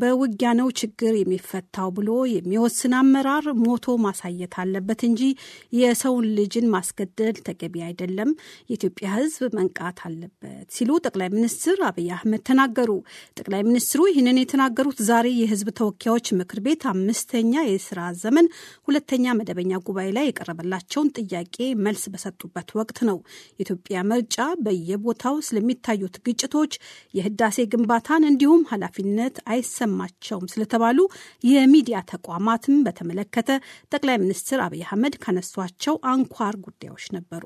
በውጊያ ነው ችግር የሚፈታው ብሎ የሚወስን አመራር ሞቶ ማሳየት አለበት እንጂ የሰውን ልጅን ማስገደል ተገቢ አይደለም። የኢትዮጵያ ሕዝብ መንቃት አለበት ሲሉ ጠቅላይ ሚኒስትር አብይ አህመድ ተናገሩ። ጠቅላይ ሚኒስትሩ ይህንን የተናገሩት ዛሬ የሕዝብ ተወካዮች ምክር ቤት አምስተኛ የስራ ዘመን ሁለተኛ መደበኛ ጉባኤ ላይ የቀረበላቸውን ጥያቄ መልስ በሰጡበት ወቅት ነው። የኢትዮጵያ ምርጫ በየቦታው ስለሚታዩት ግጭቶች፣ የህዳሴ ግንባታን እንዲሁም ኃላፊነት አይሰ አልሰማቸውም ስለተባሉ የሚዲያ ተቋማትም በተመለከተ ጠቅላይ ሚኒስትር አብይ አህመድ ካነሷቸው አንኳር ጉዳዮች ነበሩ።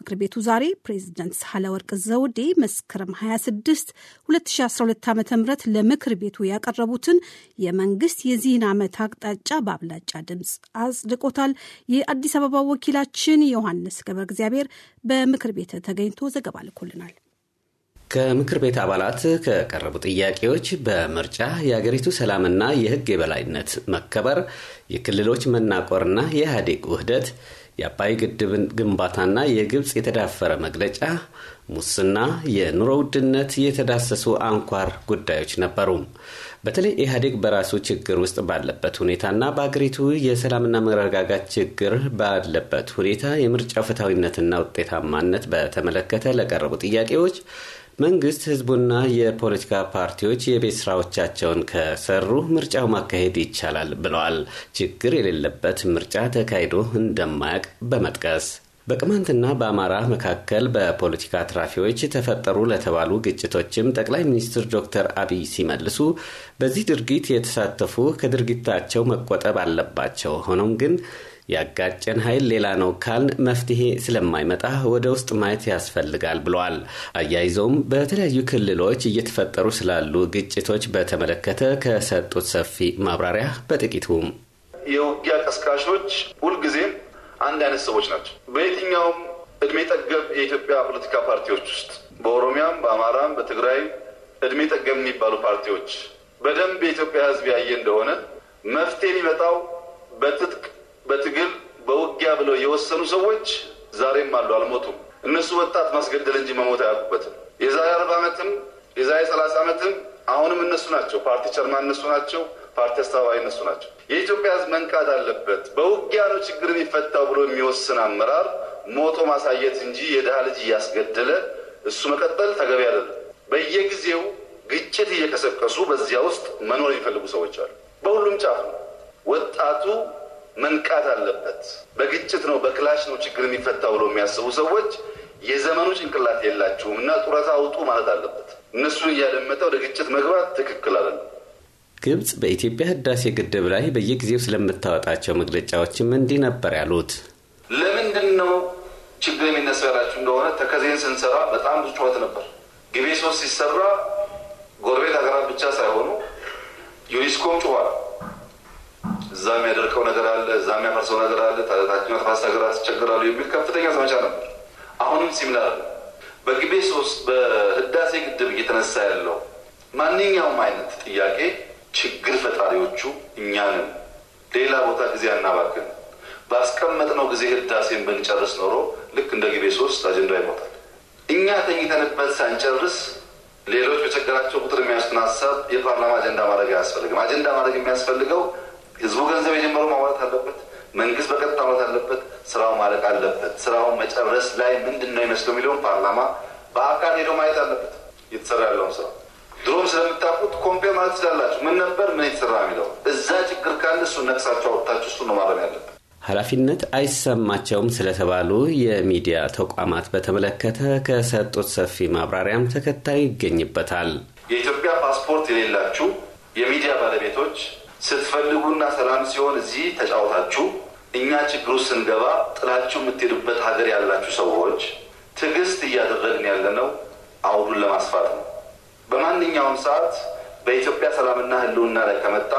ምክር ቤቱ ዛሬ ፕሬዚደንት ሳህለወርቅ ዘውዴ መስከረም 26 2012 ዓ ም ለምክር ቤቱ ያቀረቡትን የመንግስት የዚህን ዓመት አቅጣጫ በአብላጫ ድምፅ አጽድቆታል። የአዲስ አበባ ወኪላችን ዮሐንስ ገብረ እግዚአብሔር በምክር ቤት ተገኝቶ ዘገባ ልኮልናል። ከምክር ቤት አባላት ከቀረቡ ጥያቄዎች በምርጫ የአገሪቱ ሰላምና የሕግ የበላይነት መከበር፣ የክልሎች መናቆርና የኢህአዴግ ውህደት፣ የአባይ ግድብ ግንባታና የግብፅ የተዳፈረ መግለጫ፣ ሙስና፣ የኑሮ ውድነት የተዳሰሱ አንኳር ጉዳዮች ነበሩ። በተለይ ኢህአዴግ በራሱ ችግር ውስጥ ባለበት ሁኔታና በአገሪቱ የሰላምና መረጋጋት ችግር ባለበት ሁኔታ የምርጫው ፍትሐዊነትና ውጤታማነት በተመለከተ ለቀረቡ ጥያቄዎች መንግስት ህዝቡና የፖለቲካ ፓርቲዎች የቤት ስራዎቻቸውን ከሰሩ ምርጫው ማካሄድ ይቻላል ብለዋል። ችግር የሌለበት ምርጫ ተካሂዶ እንደማያውቅ በመጥቀስ በቅማንትና በአማራ መካከል በፖለቲካ አትራፊዎች ተፈጠሩ ለተባሉ ግጭቶችም ጠቅላይ ሚኒስትር ዶክተር አብይ ሲመልሱ በዚህ ድርጊት የተሳተፉ ከድርጊታቸው መቆጠብ አለባቸው ሆኖም ግን ያጋጨን ኃይል ሌላ ነው ካል መፍትሄ ስለማይመጣ ወደ ውስጥ ማየት ያስፈልጋል ብለዋል። አያይዘውም በተለያዩ ክልሎች እየተፈጠሩ ስላሉ ግጭቶች በተመለከተ ከሰጡት ሰፊ ማብራሪያ በጥቂቱ የውጊያ ቀስቃሾች ሁልጊዜም አንድ አይነት ሰዎች ናቸው። በየትኛውም እድሜ ጠገብ የኢትዮጵያ ፖለቲካ ፓርቲዎች ውስጥ በኦሮሚያም፣ በአማራም፣ በትግራይ እድሜ ጠገብ የሚባሉ ፓርቲዎች በደንብ የኢትዮጵያ ሕዝብ ያየ እንደሆነ መፍትሄ የሚመጣው በትጥቅ በትግል በውጊያ ብለው የወሰኑ ሰዎች ዛሬም አሉ፣ አልሞቱም። እነሱ ወጣት ማስገደል እንጂ መሞት አያውቁበትም። የዛሬ አርባ ዓመትም የዛሬ ሰላሳ ዓመትም አሁንም እነሱ ናቸው። ፓርቲ ቸርማን እነሱ ናቸው። ፓርቲ አስተባባሪ እነሱ ናቸው። የኢትዮጵያ ሕዝብ መንቃት አለበት። በውጊያ ነው ችግር የሚፈታው ብሎ የሚወስን አመራር ሞቶ ማሳየት እንጂ የድሃ ልጅ እያስገደለ እሱ መቀጠል ተገቢ አይደለም። በየጊዜው ግጭት እየቀሰቀሱ በዚያ ውስጥ መኖር የሚፈልጉ ሰዎች አሉ። በሁሉም ጫፍ ነው ወጣቱ መንቃት አለበት። በግጭት ነው በክላሽ ነው ችግር የሚፈታ ብሎ የሚያስቡ ሰዎች የዘመኑ ጭንቅላት የላችሁም እና ጡረታ አውጡ ማለት አለበት። እነሱን እያደመጠ ወደ ግጭት መግባት ትክክል አለ። ግብጽ በኢትዮጵያ ህዳሴ ግድብ ላይ በየጊዜው ስለምታወጣቸው መግለጫዎችም እንዲህ ነበር ያሉት። ለምንድን ነው ችግር የሚነሳላችሁ እንደሆነ ተከዜን ስንሰራ በጣም ብዙ ጩኸት ነበር። ግቤ ሶስት ሲሰራ ጎረቤት ሀገራት ብቻ ሳይሆኑ ዩኒስኮም ጩኋል። እዛ የሚያደርቀው ነገር አለ፣ እዛ የሚያፈርሰው ነገር አለ፣ ታችኛው ተፋሰስ ሀገራት አስቸግራሉ የሚል ከፍተኛ ዘመቻ ነበር። አሁንም ሲሚላር በግቤ ሶስት በህዳሴ ግድብ እየተነሳ ያለው ማንኛውም አይነት ጥያቄ ችግር ፈጣሪዎቹ እኛንም ሌላ ቦታ ጊዜ አናባክን። ባስቀመጥነው ጊዜ ህዳሴን ብንጨርስ ኖሮ ልክ እንደ ግቤ ሶስት አጀንዳ ይሞታል። እኛ ተኝተንበት ሳንጨርስ ሌሎች በቸገራቸው ቁጥር የሚያስቱን ሀሳብ የፓርላማ አጀንዳ ማድረግ አያስፈልግም። አጀንዳ ማድረግ የሚያስፈልገው ህዝቡ ገንዘብ የጀመረው ማሟላት አለበት። መንግስት በቀጥታ ማለት አለበት። ስራው ማለቅ አለበት። ስራውን መጨረስ ላይ ምንድን ነው ይመስለው የሚለውን ፓርላማ በአካል ሄዶ ማየት አለበት። እየተሰራ ያለውን ስራ ድሮም ስለምታውቁት ኮምፔ ማለት ትችላላችሁ። ምን ነበር ምን የተሰራ የሚለው እዛ ችግር ካለ እሱ ነቅሳቸው አውጥታችሁ እሱ ነው ማረም ያለበት። ኃላፊነት አይሰማቸውም ስለተባሉ የሚዲያ ተቋማት በተመለከተ ከሰጡት ሰፊ ማብራሪያም ተከታይ ይገኝበታል። የኢትዮጵያ ፓስፖርት የሌላችሁ የሚዲያ ባለቤቶች ስትፈልጉና ሰላም ሲሆን እዚህ ተጫወታችሁ እኛ ችግሩ ስንገባ ጥላችሁ የምትሄዱበት ሀገር ያላችሁ ሰዎች ትዕግስት እያደረግን ያለነው አውዱን ለማስፋት ነው። በማንኛውም ሰዓት በኢትዮጵያ ሰላምና ሕልውና ላይ ከመጣ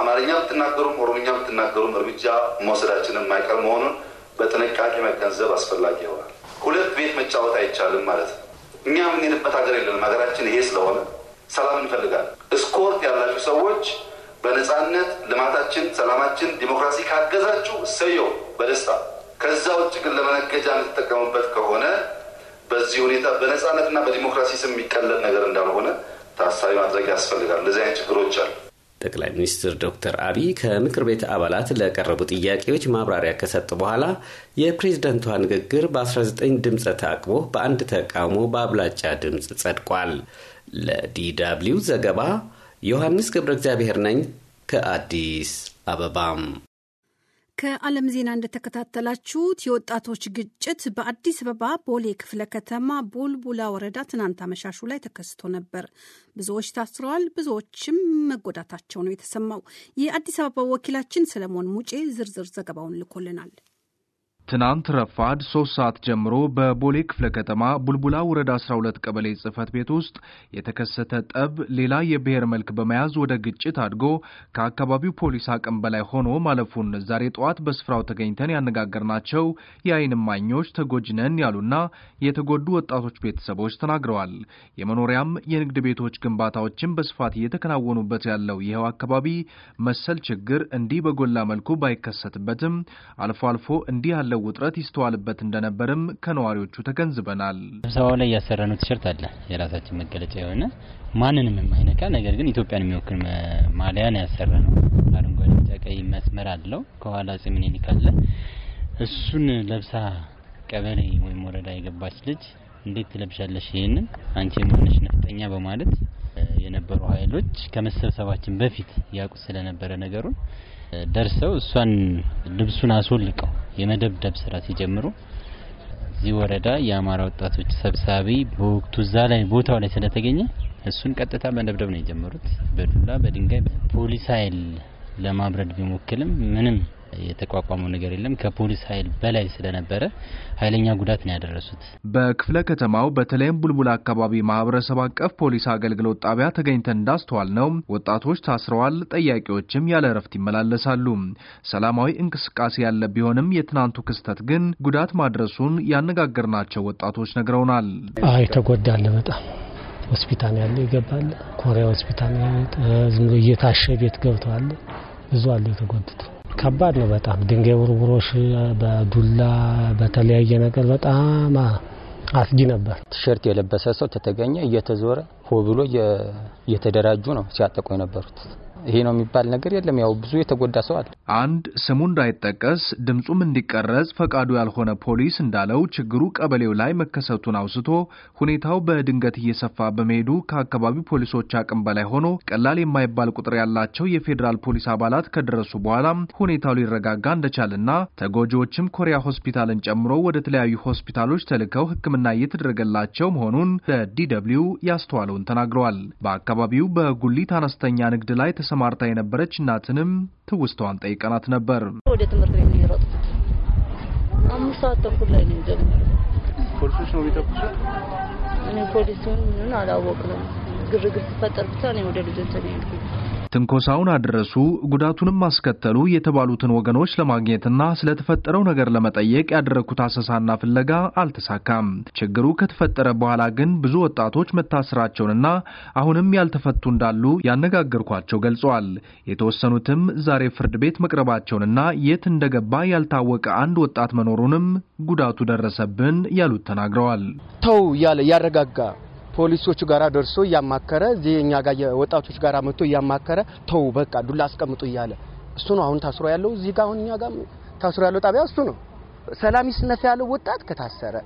አማርኛ ብትናገሩም ኦሮምኛ ብትናገሩም እርምጃ መውሰዳችንን የማይቀር መሆኑን በጥንቃቄ መገንዘብ አስፈላጊ ይሆናል። ሁለት ቤት መጫወት አይቻልም ማለት ነው። እኛ የምንሄድበት ሀገር የለንም። ሀገራችን ይሄ ስለሆነ ሰላም እንፈልጋለን። እስኮርት ያላችሁ ሰዎች በነጻነት ልማታችን፣ ሰላማችን፣ ዲሞክራሲ ካገዛችሁ እሰየው በደስታ ከዛ ውጭ ግን ለመነገጃ የምትጠቀሙበት ከሆነ በዚህ ሁኔታ በነፃነትና በዲሞክራሲ ስም የሚቀለል ነገር እንዳልሆነ ታሳቢ ማድረግ ያስፈልጋል። እንደዚህ አይነት ችግሮች አሉ። ጠቅላይ ሚኒስትር ዶክተር አብይ ከምክር ቤት አባላት ለቀረቡ ጥያቄዎች ማብራሪያ ከሰጡ በኋላ የፕሬዝደንቷ ንግግር በ19 ድምፅ ተአቅቦ በአንድ ተቃውሞ በአብላጫ ድምፅ ጸድቋል። ለዲ ደብልዩ ዘገባ ዮሐንስ ገብረ እግዚአብሔር ነኝ ከአዲስ አበባም። ከዓለም ዜና እንደተከታተላችሁት የወጣቶች ግጭት በአዲስ አበባ ቦሌ ክፍለ ከተማ ቦልቡላ ወረዳ ትናንት አመሻሹ ላይ ተከስቶ ነበር። ብዙዎች ታስረዋል፣ ብዙዎችም መጎዳታቸው ነው የተሰማው። የአዲስ አበባ ወኪላችን ሰለሞን ሙጬ ዝርዝር ዘገባውን ልኮልናል። ትናንት ረፋድ ሶስት ሰዓት ጀምሮ በቦሌ ክፍለ ከተማ ቡልቡላ ወረዳ 12 ቀበሌ ጽህፈት ቤት ውስጥ የተከሰተ ጠብ ሌላ የብሔር መልክ በመያዝ ወደ ግጭት አድጎ ከአካባቢው ፖሊስ አቅም በላይ ሆኖ ማለፉን ዛሬ ጠዋት በስፍራው ተገኝተን ያነጋገርናቸው የአይን ማኞች ተጎጅነን ያሉና የተጎዱ ወጣቶች ቤተሰቦች ተናግረዋል። የመኖሪያም የንግድ ቤቶች ግንባታዎችን በስፋት እየተከናወኑበት ያለው ይኸው አካባቢ መሰል ችግር እንዲህ በጎላ መልኩ ባይከሰትበትም አልፎ አልፎ እንዲህ ያለው ያለው ውጥረት ይስተዋልበት እንደነበርም ከነዋሪዎቹ ተገንዝበናል። ስብሰባው ላይ ያሰራነው ቲሸርት አለ የራሳችን መገለጫ የሆነ ማንንም የማይነካ ነገር ግን ኢትዮጵያን የሚወክል ማሊያን ነው ያሰራነው። አረንጓዴ፣ ቢጫ፣ ቀይ መስመር አለው። ከኋላ አፄ ምኒልክ እሱን ለብሳ ቀበሌ ወይም ወረዳ የገባች ልጅ እንዴት ትለብሻለሽ ይህንን አንቺ የመሆነች ነፍጠኛ በማለት የነበሩ ኃይሎች ከመሰብሰባችን በፊት ያውቁት ስለነበረ ነገሩን ደርሰው እሷን ልብሱን አስወልቀው የመደብደብ ስራ ሲጀምሩ እዚህ ወረዳ የአማራ ወጣቶች ሰብሳቢ በወቅቱ እዛ ላይ ቦታው ላይ ስለተገኘ እሱን ቀጥታ መደብደብ ነው የጀመሩት። በዱላ በድንጋይ ፖሊስ ኃይል ለማብረድ ቢሞክልም ምንም የተቋቋመው ነገር የለም። ከፖሊስ ኃይል በላይ ስለነበረ ኃይለኛ ጉዳት ነው ያደረሱት። በክፍለ ከተማው በተለይም ቡልቡላ አካባቢ ማህበረሰብ አቀፍ ፖሊስ አገልግሎት ጣቢያ ተገኝተን እንዳስተዋል ነው ወጣቶች ታስረዋል፣ ጠያቂዎችም ያለ እረፍት ይመላለሳሉ። ሰላማዊ እንቅስቃሴ ያለ ቢሆንም የትናንቱ ክስተት ግን ጉዳት ማድረሱን ያነጋገርናቸው ወጣቶች ነግረውናል። አይ ተጎዳለ በጣም ሆስፒታል ያለ ይገባል። ኮሪያ ሆስፒታል ዝም ብሎ እየታሸ ቤት ገብተዋል። ብዙ አለ የተጎዱት። ከባድ ነው በጣም ድንጋይ ውርውሮሽ፣ በዱላ በተለያየ ነገር በጣም አስጊ ነበር። ቲሸርት የለበሰ ሰው ተተገኘ እየተዞረ ሆ ብሎ እየተደራጁ ነው ሲያጠቁ የነበሩት። ይሄ ነው የሚባል ነገር የለም። ያው ብዙ የተጎዳ ሰው አለ። አንድ ስሙ እንዳይጠቀስ ድምፁም እንዲቀረጽ ፈቃዱ ያልሆነ ፖሊስ እንዳለው ችግሩ ቀበሌው ላይ መከሰቱን አውስቶ ሁኔታው በድንገት እየሰፋ በመሄዱ ከአካባቢው ፖሊሶች አቅም በላይ ሆኖ ቀላል የማይባል ቁጥር ያላቸው የፌዴራል ፖሊስ አባላት ከደረሱ በኋላም ሁኔታው ሊረጋጋ እንደቻለና ተጎጂዎችም ኮሪያ ሆስፒታልን ጨምሮ ወደ ተለያዩ ሆስፒታሎች ተልከው ሕክምና እየተደረገላቸው መሆኑን ለዲ ደብልዩ ያስተዋለውን ተናግረዋል። በአካባቢው በጉሊት አነስተኛ ንግድ ላይ ተሰማርታ የነበረች እናትንም ትውስተዋን ጠይቀናት ነበር። ወደ ትምህርት ቤት ነው አምስት ሰዓት ተኩል ላይ ነው የጀመረው። ፖሊሶች ነው የሚተኩሱት። እኔ ፖሊሱን ምንን አላወቅንም። ግርግር ሲፈጠር ብቻ እኔ ወደ ልጆች ነው ትንኮሳውን አደረሱ፣ ጉዳቱንም አስከተሉ የተባሉትን ወገኖች ለማግኘትና ስለተፈጠረው ነገር ለመጠየቅ ያደረግኩት አሰሳና ፍለጋ አልተሳካም። ችግሩ ከተፈጠረ በኋላ ግን ብዙ ወጣቶች መታሰራቸውንና አሁንም ያልተፈቱ እንዳሉ ያነጋገርኳቸው ገልጸዋል። የተወሰኑትም ዛሬ ፍርድ ቤት መቅረባቸውንና የት እንደገባ ያልታወቀ አንድ ወጣት መኖሩንም ጉዳቱ ደረሰብን ያሉት ተናግረዋል። ተው ያለ ያረጋጋ ፖሊሶቹ ጋር ደርሶ እያማከረ እዚህ እኛ ጋር ወጣቶች ጋር መጥቶ እያማከረ ተው በቃ ዱላ አስቀምጡ እያለ እሱ ነው አሁን ታስሮ ያለው እዚህ ጋር አሁን እኛ ጋር ታስሮ ያለው ጣቢያ እሱ ነው። ሰላም ይስነፍ ያለው ወጣት ከታሰረ፣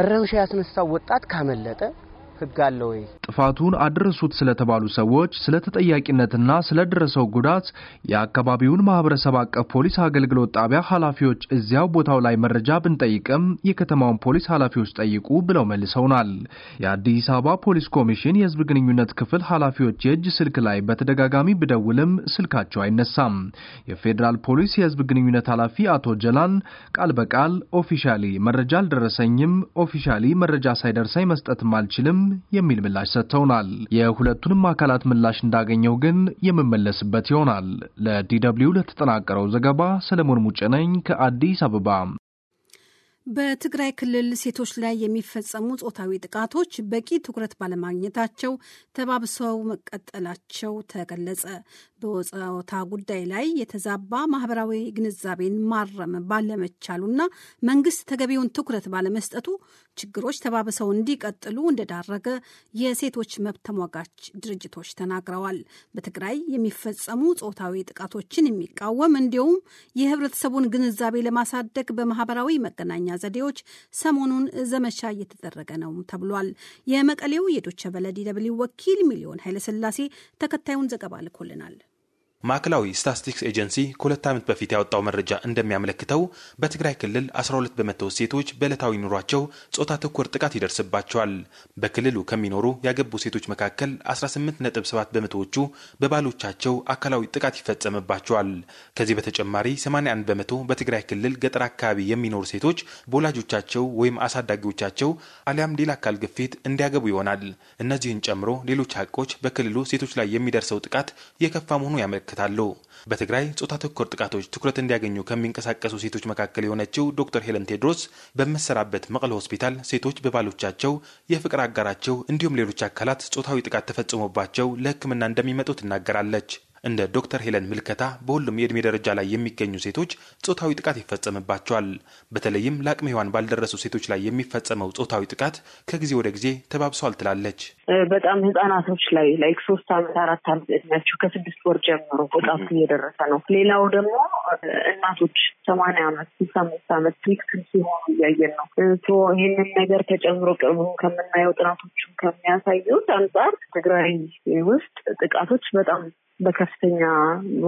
እረብሻ ያስነሳው ወጣት ካመለጠ ህግ አለ ወይ? ጥፋቱን አደረሱት ስለተባሉ ሰዎች፣ ስለ ተጠያቂነትና ስለደረሰው ጉዳት የአካባቢውን ማህበረሰብ አቀፍ ፖሊስ አገልግሎት ጣቢያ ኃላፊዎች እዚያው ቦታው ላይ መረጃ ብንጠይቅም የከተማውን ፖሊስ ኃላፊዎች ጠይቁ ብለው መልሰውናል። የአዲስ አበባ ፖሊስ ኮሚሽን የህዝብ ግንኙነት ክፍል ኃላፊዎች የእጅ ስልክ ላይ በተደጋጋሚ ብደውልም ስልካቸው አይነሳም። የፌዴራል ፖሊስ የህዝብ ግንኙነት ኃላፊ አቶ ጀላን ቃል በቃል ኦፊሻሊ መረጃ አልደረሰኝም፣ ኦፊሻሊ መረጃ ሳይደርሰኝ መስጠትም አልችልም የሚል ምላሽ ሰጥተውናል። የሁለቱንም አካላት ምላሽ እንዳገኘው ግን የምመለስበት ይሆናል። ለዲ ለተጠናቀረው ዘገባ ሰለሞን ሙጭ ነኝ ከአዲስ አበባ። በትግራይ ክልል ሴቶች ላይ የሚፈጸሙ ጾታዊ ጥቃቶች በቂ ትኩረት ባለማግኘታቸው ተባብሰው መቀጠላቸው ተገለጸ። በጾታ ጉዳይ ላይ የተዛባ ማህበራዊ ግንዛቤን ማረም ባለመቻሉና መንግስት ተገቢውን ትኩረት ባለመስጠቱ ችግሮች ተባብሰው እንዲቀጥሉ እንደዳረገ የሴቶች መብት ተሟጋች ድርጅቶች ተናግረዋል። በትግራይ የሚፈጸሙ ጾታዊ ጥቃቶችን የሚቃወም እንዲሁም የህብረተሰቡን ግንዛቤ ለማሳደግ በማህበራዊ መገናኛ ዘዴዎች ሰሞኑን ዘመቻ እየተደረገ ነው ተብሏል። የመቀሌው የዶቸ በለ ዲ ደብልዩ ወኪል ሚሊዮን ኃይለስላሴ ተከታዩን ዘገባ ልኮልናል። ማዕከላዊ ስታትስቲክስ ኤጀንሲ ከሁለት ዓመት በፊት ያወጣው መረጃ እንደሚያመለክተው በትግራይ ክልል 12 በመቶ ሴቶች በዕለታዊ ኑሯቸው ጾታ ተኮር ጥቃት ይደርስባቸዋል። በክልሉ ከሚኖሩ ያገቡ ሴቶች መካከል 18.7 በመቶዎቹ በባሎቻቸው አካላዊ ጥቃት ይፈጸምባቸዋል። ከዚህ በተጨማሪ 81 በመቶ በትግራይ ክልል ገጠር አካባቢ የሚኖሩ ሴቶች በወላጆቻቸው ወይም አሳዳጊዎቻቸው አሊያም ሌላ አካል ግፊት እንዲያገቡ ይሆናል። እነዚህን ጨምሮ ሌሎች ሀቆች በክልሉ ሴቶች ላይ የሚደርሰው ጥቃት የከፋ መሆኑ ያመለክታል። ያመለክታሉ። በትግራይ ጾታ ተኮር ጥቃቶች ትኩረት እንዲያገኙ ከሚንቀሳቀሱ ሴቶች መካከል የሆነችው ዶክተር ሄለን ቴድሮስ በመሰራበት መቀለ ሆስፒታል ሴቶች በባሎቻቸው፣ የፍቅር አጋራቸው እንዲሁም ሌሎች አካላት ጾታዊ ጥቃት ተፈጽሞባቸው ለሕክምና እንደሚመጡ ትናገራለች። እንደ ዶክተር ሄለን ምልከታ በሁሉም የዕድሜ ደረጃ ላይ የሚገኙ ሴቶች ጾታዊ ጥቃት ይፈጸምባቸዋል። በተለይም ለአቅመ ሔዋን ባልደረሱ ሴቶች ላይ የሚፈጸመው ጾታዊ ጥቃት ከጊዜ ወደ ጊዜ ተባብሷል ትላለች። በጣም ህጻናቶች ላይ ላይክ ሶስት አመት አራት አመት እድሜያቸው ከስድስት ወር ጀምሮ ወጣቱ እየደረሰ ነው። ሌላው ደግሞ እናቶች ሰማንያ አመት ስልሳ አምስት አመት ቪክቲም ሲሆኑ እያየን ነው። ይህንን ነገር ተጨምሮ ቅርቡ ከምናየው ጥናቶቹም ከሚያሳዩት አንጻር ትግራይ ውስጥ ጥቃቶች በጣም በከፍተኛ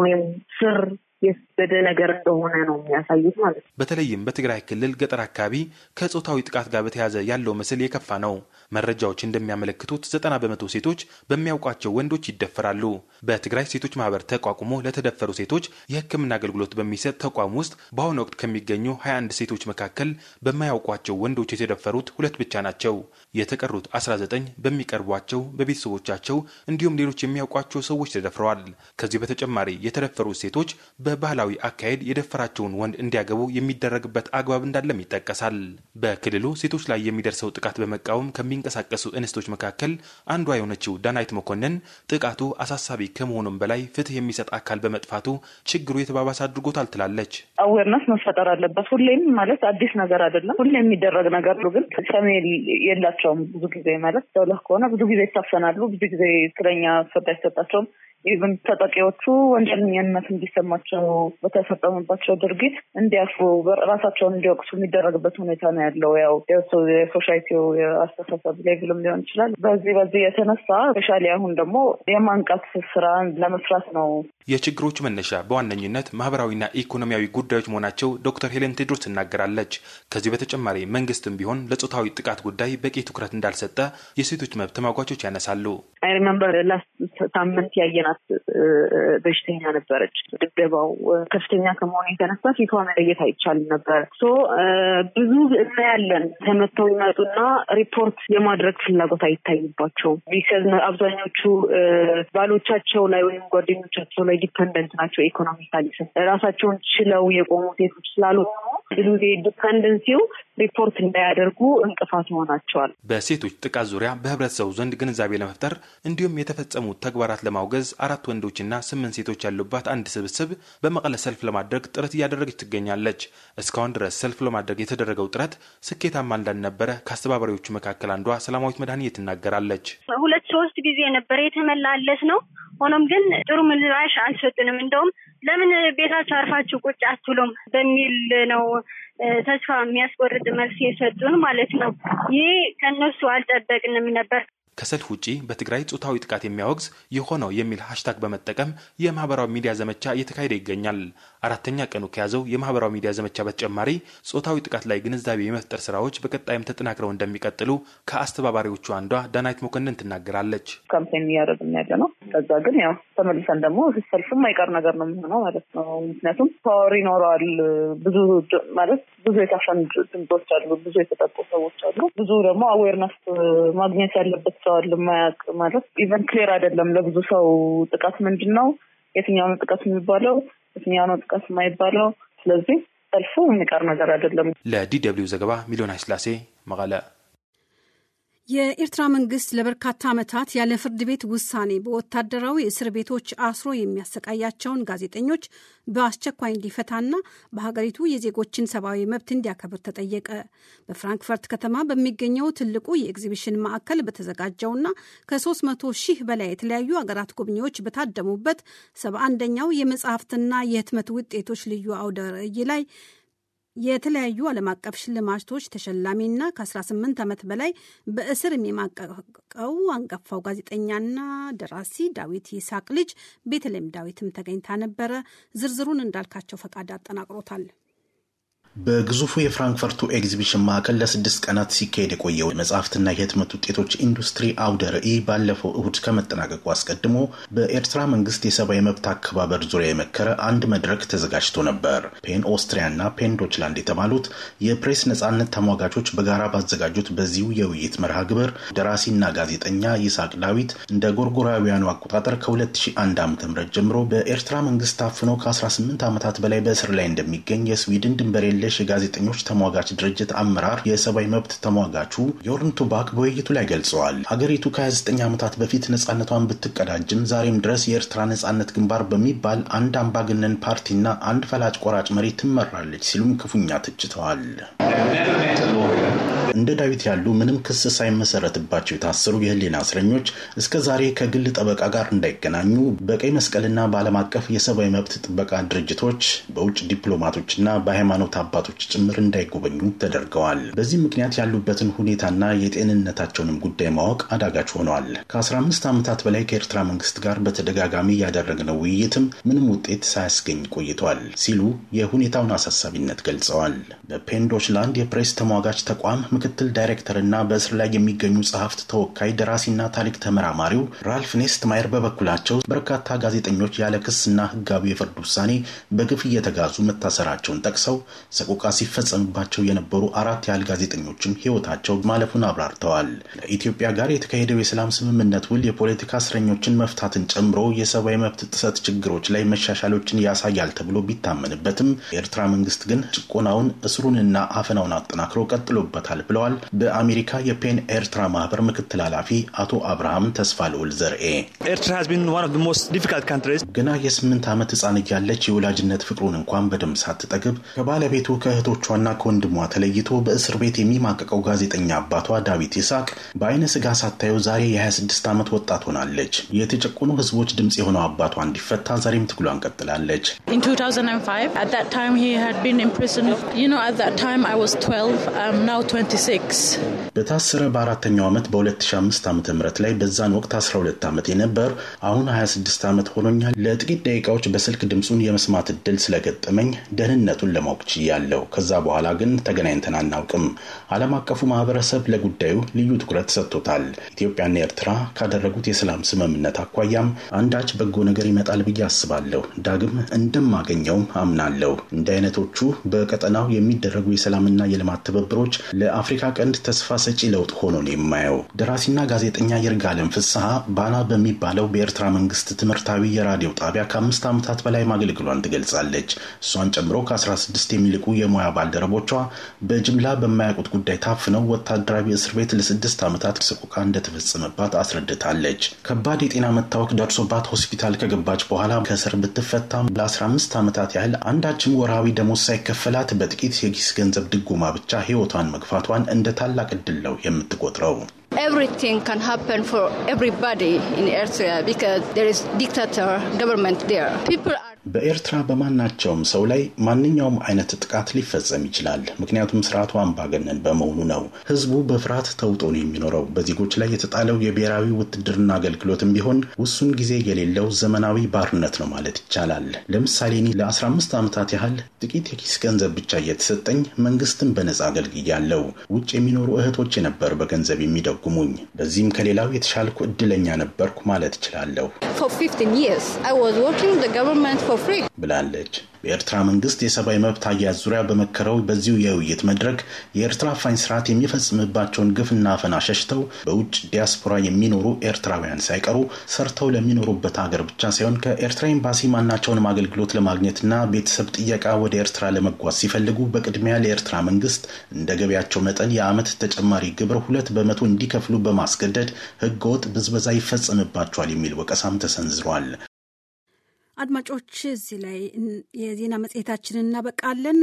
ወይም ስር የወሰደ ነገር እንደሆነ ነው የሚያሳዩት ማለት ነው። በተለይም በትግራይ ክልል ገጠር አካባቢ ከጾታዊ ጥቃት ጋር በተያያዘ ያለው ምስል የከፋ ነው። መረጃዎች እንደሚያመለክቱት ዘጠና በመቶ ሴቶች በሚያውቋቸው ወንዶች ይደፈራሉ። በትግራይ ሴቶች ማህበር ተቋቁሞ ለተደፈሩ ሴቶች የሕክምና አገልግሎት በሚሰጥ ተቋም ውስጥ በአሁኑ ወቅት ከሚገኙ 21 ሴቶች መካከል በማያውቋቸው ወንዶች የተደፈሩት ሁለት ብቻ ናቸው። የተቀሩት 19 በሚቀርቧቸው በቤተሰቦቻቸው እንዲሁም ሌሎች የሚያውቋቸው ሰዎች ተደፍረዋል። ከዚህ በተጨማሪ የተደፈሩት ሴቶች በ በባህላዊ አካሄድ የደፈራቸውን ወንድ እንዲያገቡ የሚደረግበት አግባብ እንዳለም ይጠቀሳል። በክልሉ ሴቶች ላይ የሚደርሰው ጥቃት በመቃወም ከሚንቀሳቀሱ እንስቶች መካከል አንዷ የሆነችው ዳናይት መኮንን ጥቃቱ አሳሳቢ ከመሆኑም በላይ ፍትህ የሚሰጥ አካል በመጥፋቱ ችግሩ የተባባሰ አድርጎታል ትላለች። አዌርነስ መፈጠር አለበት። ሁሌም ማለት አዲስ ነገር አይደለም፣ ሁሌም የሚደረግ ነገር ነው። ግን ሰሜ የላቸውም ብዙ ጊዜ ማለት ደውለህ ከሆነ ብዙ ጊዜ ይታፈናሉ፣ ብዙ ጊዜ ትክክለኛ ፍርድ አይሰጣቸውም። ኢቨን ተጠቂዎቹ ወንጀለኛነት እንዲሰማቸው በተፈጸመባቸው ድርጊት እንዲያፉ ራሳቸውን እንዲወቅሱ የሚደረግበት ሁኔታ ነው ያለው። ያው የሶሳይቲው የአስተሳሰብ ሌቭልም ሊሆን ይችላል። በዚህ በዚህ የተነሳ ስፔሻሊ አሁን ደግሞ የማንቃት ስራ ለመስራት ነው። የችግሮች መነሻ በዋነኝነት ማህበራዊና ኢኮኖሚያዊ ጉዳዮች መሆናቸው ዶክተር ሄሌን ቴድሮስ ትናገራለች። ከዚህ በተጨማሪ መንግስትም ቢሆን ለጾታዊ ጥቃት ጉዳይ በቂ ትኩረት እንዳልሰጠ የሴቶች መብት ተሟጋቾች ያነሳሉ። ሳምንት ያየ ናት በሽተኛ ነበረች። ድብደባው ከፍተኛ ከመሆኑ የተነሳ ፊቷ መለየት አይቻልም ነበር። ብዙ እናያለን ተመተው ይመጡና ሪፖርት የማድረግ ፍላጎት አይታይባቸውም። ቢከዝ አብዛኞቹ ባሎቻቸው ላይ ወይም ጓደኞቻቸው ላይ ዲፐንደንት ናቸው። ኢኮኖሚካሊ ራሳቸውን ችለው የቆሙ ሴቶች ስላሉ ብዙ ጊዜ ዲፐንደንሲው ሪፖርት እንዳያደርጉ እንቅፋት ይሆናቸዋል። በሴቶች ጥቃት ዙሪያ በህብረተሰቡ ዘንድ ግንዛቤ ለመፍጠር እንዲሁም የተፈጸሙ ተግባራት ለማውገዝ አራት ወንዶችና ስምንት ሴቶች ያሉባት አንድ ስብስብ በመቀለ ሰልፍ ለማድረግ ጥረት እያደረገች ትገኛለች። እስካሁን ድረስ ሰልፍ ለማድረግ የተደረገው ጥረት ስኬታማ እንዳልነበረ ከአስተባባሪዎቹ መካከል አንዷ ሰላማዊት መድኃኒት ትናገራለች። ሁለት ሶስት ጊዜ ነበር የተመላለስ ነው። ሆኖም ግን ጥሩ ምላሽ አልሰጡንም። እንደውም ለምን ቤታችሁ አርፋችሁ ቁጭ አትሉም በሚል ነው ተስፋ የሚያስቆርጥ መልስ የሰጡን ማለት ነው። ይህ ከነሱ አልጠበቅንም ነበር። ከሰልፍ ውጪ በትግራይ ጾታዊ ጥቃት የሚያወግዝ የሆነው የሚል ሀሽታግ በመጠቀም የማህበራዊ ሚዲያ ዘመቻ እየተካሄደ ይገኛል። አራተኛ ቀኑ ከያዘው የማህበራዊ ሚዲያ ዘመቻ በተጨማሪ ጾታዊ ጥቃት ላይ ግንዛቤ የመፍጠር ስራዎች በቀጣይም ተጠናክረው እንደሚቀጥሉ ከአስተባባሪዎቹ አንዷ ዳናይት መኮንን ትናገራለች። ካምፔን እያደረግን ያለ ነው ከዛ ግን ያው ተመልሰን ደግሞ ሰልፍም አይቀር ነገር ነው የሚሆነው ማለት ነው። ምክንያቱም ፓወር ይኖረዋል። ብዙ ማለት ብዙ የታፈኑ ድምፆች አሉ፣ ብዙ የተጠቁ ሰዎች አሉ፣ ብዙ ደግሞ አዌርነስ ማግኘት ያለበት ሰው አለ። ማያቅ ማለት ኢቨን ክሌር አይደለም ለብዙ ሰው ጥቃት ምንድን ነው፣ የትኛው ነው ጥቃት የሚባለው፣ የትኛው ነው ጥቃት የማይባለው። ስለዚህ ሰልፉ የሚቀር ነገር አይደለም። ለዲ ደብልዩ ዘገባ ሚሊዮን ኃይለሥላሴ መቀለ የኤርትራ መንግስት ለበርካታ ዓመታት ያለ ፍርድ ቤት ውሳኔ በወታደራዊ እስር ቤቶች አስሮ የሚያሰቃያቸውን ጋዜጠኞች በአስቸኳይ እንዲፈታና በሀገሪቱ የዜጎችን ሰብአዊ መብት እንዲያከብር ተጠየቀ። በፍራንክፈርት ከተማ በሚገኘው ትልቁ የኤግዚቢሽን ማዕከል በተዘጋጀውና ከ300 ሺህ በላይ የተለያዩ አገራት ጎብኚዎች በታደሙበት 71ኛው የመጽሐፍትና የህትመት ውጤቶች ልዩ አውደ ርዕይ ላይ የተለያዩ ዓለም አቀፍ ሽልማቶች ተሸላሚና ከ18 ዓመት በላይ በእስር የሚማቀቀው አንጋፋው ጋዜጠኛና ደራሲ ዳዊት ይስሐቅ ልጅ ቤተልሔም ዳዊትም ተገኝታ ነበረ። ዝርዝሩን እንዳልካቸው ፈቃድ አጠናቅሮታል። በግዙፉ የፍራንክፈርቱ ኤግዚቢሽን ማዕከል ለስድስት ቀናት ሲካሄድ የቆየው የመጽሐፍትና የህትመት ውጤቶች ኢንዱስትሪ አውደ ርዕይ ባለፈው እሁድ ከመጠናቀቁ አስቀድሞ በኤርትራ መንግስት የሰብአዊ መብት አከባበር ዙሪያ የመከረ አንድ መድረክ ተዘጋጅቶ ነበር። ፔን ኦስትሪያና ፔን ዶችላንድ የተባሉት የፕሬስ ነጻነት ተሟጋቾች በጋራ ባዘጋጁት በዚሁ የውይይት መርሃ ግብር ደራሲና ጋዜጠኛ ይስሐቅ ዳዊት እንደ ጎርጎራውያኑ አቆጣጠር ከ2001 ዓ ም ጀምሮ በኤርትራ መንግስት ታፍኖ ከ18 ዓመታት በላይ በእስር ላይ እንደሚገኝ የስዊድን ድንበር የለሽ የጋዜጠኞች ተሟጋች ድርጅት አመራር የሰብአዊ መብት ተሟጋቹ ዮርን ቱባክ በውይይቱ ላይ ገልጸዋል። ሀገሪቱ ከ29 ዓመታት በፊት ነጻነቷን ብትቀዳጅም ዛሬም ድረስ የኤርትራ ነጻነት ግንባር በሚባል አንድ አምባገነን ፓርቲና አንድ ፈላጭ ቆራጭ መሪ ትመራለች ሲሉም ክፉኛ ትችተዋል። እንደ ዳዊት ያሉ ምንም ክስ ሳይመሰረትባቸው የታሰሩ የህሊና እስረኞች እስከ ዛሬ ከግል ጠበቃ ጋር እንዳይገናኙ በቀይ መስቀልና በዓለም አቀፍ የሰብአዊ መብት ጥበቃ ድርጅቶች በውጭ ዲፕሎማቶችና በሃይማኖት አባቶች ጭምር እንዳይጎበኙ ተደርገዋል። በዚህ ምክንያት ያሉበትን ሁኔታና የጤንነታቸውንም ጉዳይ ማወቅ አዳጋች ሆነዋል። ከ15 ዓመታት በላይ ከኤርትራ መንግስት ጋር በተደጋጋሚ ያደረግነው ውይይትም ምንም ውጤት ሳያስገኝ ቆይቷል ሲሉ የሁኔታውን አሳሳቢነት ገልጸዋል። በፔንዶችላንድ የፕሬስ ተሟ ተሟጋች ተቋም ምክትል ዳይሬክተር እና በእስር ላይ የሚገኙ ጸሐፍት ተወካይ ደራሲና ታሪክ ተመራማሪው ራልፍ ኔስትማየር በበኩላቸው በርካታ ጋዜጠኞች ያለ ክስና ህጋዊ የፍርድ ውሳኔ በግፍ እየተጋዙ መታሰራቸውን ጠቅሰው ሰቆቃ ሲፈጸምባቸው የነበሩ አራት ያህል ጋዜጠኞችም ሕይወታቸው ማለፉን አብራርተዋል። ለኢትዮጵያ ጋር የተካሄደው የሰላም ስምምነት ውል የፖለቲካ እስረኞችን መፍታትን ጨምሮ የሰብአዊ መብት ጥሰት ችግሮች ላይ መሻሻሎችን ያሳያል ተብሎ ቢታመንበትም የኤርትራ መንግስት ግን ጭቆናውን፣ እስሩንና አፈናውን አጠናክሮ ቀጥሎበታል ብለዋል በአሜሪካ የፔን ኤርትራ ማህበር ምክትል ኃላፊ አቶ አብርሃም ተስፋ ልውል ዘርኤ። ገና የስምንት ዓመት ህፃን እያለች የወላጅነት ፍቅሩን እንኳን በደም ሳትጠግብ ከባለቤቱ ከእህቶቿና ከወንድሟ ተለይቶ በእስር ቤት የሚማቀቀው ጋዜጠኛ አባቷ ዳዊት ይስሐቅ በአይነ ስጋ ሳታየው ዛሬ የ26 ዓመት ወጣት ሆናለች። የተጨቆኑ ህዝቦች ድምፅ የሆነው አባቷ እንዲፈታ ዛሬም ትግሏን ቀጥላለች። በታሰረ በአራተኛው ዓመት በ2005 ዓ ም ላይ በዛን ወቅት 12 ዓመት የነበር አሁን 26 ዓመት ሆኖኛል። ለጥቂት ደቂቃዎች በስልክ ድምፁን የመስማት እድል ስለገጠመኝ ደህንነቱን ለማወቅ ችያለሁ። ከዛ በኋላ ግን ተገናኝተን አናውቅም። ዓለም አቀፉ ማህበረሰብ ለጉዳዩ ልዩ ትኩረት ሰጥቶታል። ኢትዮጵያና ኤርትራ ካደረጉት የሰላም ስምምነት አኳያም አንዳች በጎ ነገር ይመጣል ብዬ አስባለሁ። ዳግም እንደማገኘውም አምናለሁ። እንደ አይነቶቹ በቀጠናው የሚደረጉ የሰላምና የልማት ትብብ ቅንብሮች ለአፍሪካ ቀንድ ተስፋ ሰጪ ለውጥ ሆኖ ነው የማየው። ደራሲና ጋዜጠኛ ይርጋለም ፍስሐ ባና በሚባለው በኤርትራ መንግስት ትምህርታዊ የራዲዮ ጣቢያ ከአምስት ዓመታት በላይ ማገልግሏን ትገልጻለች። እሷን ጨምሮ ከ16 የሚልቁ የሙያ ባልደረቦቿ በጅምላ በማያውቁት ጉዳይ ታፍነው ወታደራዊ እስር ቤት ለስድስት ዓመታት ስቁቃ እንደተፈጸመባት አስረድታለች። ከባድ የጤና መታወክ ደርሶባት ሆስፒታል ከገባች በኋላ ከእስር ብትፈታም ለ15 ዓመታት ያህል አንዳችም ወርሃዊ ደሞዝ ሳይከፈላት በጥቂት የኪስ ገንዘብ ድጎማ ብቻ ህይወቷን መግፋቷን እንደ ታላቅ እድል ነው የምትቆጥረው። ኤቭሪቲንግ በኤርትራ በማናቸውም ሰው ላይ ማንኛውም አይነት ጥቃት ሊፈጸም ይችላል። ምክንያቱም ስርዓቱ አምባገነን በመሆኑ ነው። ህዝቡ በፍርሃት ተውጦ ነው የሚኖረው። በዜጎች ላይ የተጣለው የብሔራዊ ውትድርና አገልግሎትም ቢሆን ውሱን ጊዜ የሌለው ዘመናዊ ባርነት ነው ማለት ይቻላል። ለምሳሌ እኔ ለ15 ዓመታት ያህል ጥቂት የኪስ ገንዘብ ብቻ እየተሰጠኝ መንግስትን በነጻ አገልግያለሁ። ውጭ የሚኖሩ እህቶች ነበር በገንዘብ የሚደጉሙኝ። በዚህም ከሌላው የተሻልኩ እድለኛ ነበርኩ ማለት እችላለሁ። ብላለች። በኤርትራ መንግስት የሰብአዊ መብት አያያዝ ዙሪያ በመከረው በዚሁ የውይይት መድረክ የኤርትራ አፋኝ ስርዓት የሚፈጽምባቸውን ግፍና አፈና ሸሽተው በውጭ ዲያስፖራ የሚኖሩ ኤርትራውያን ሳይቀሩ ሰርተው ለሚኖሩበት ሀገር ብቻ ሳይሆን ከኤርትራ ኤምባሲ ማናቸውንም አገልግሎት ለማግኘትና ቤተሰብ ጥየቃ ወደ ኤርትራ ለመጓዝ ሲፈልጉ በቅድሚያ ለኤርትራ መንግስት እንደ ገቢያቸው መጠን የአመት ተጨማሪ ግብር ሁለት በመቶ እንዲከፍሉ በማስገደድ ህገወጥ ብዝበዛ ይፈጸምባቸዋል የሚል ወቀሳም ተሰንዝሯል። አድማጮች፣ እዚህ ላይ የዜና መጽሔታችንን እናበቃለን።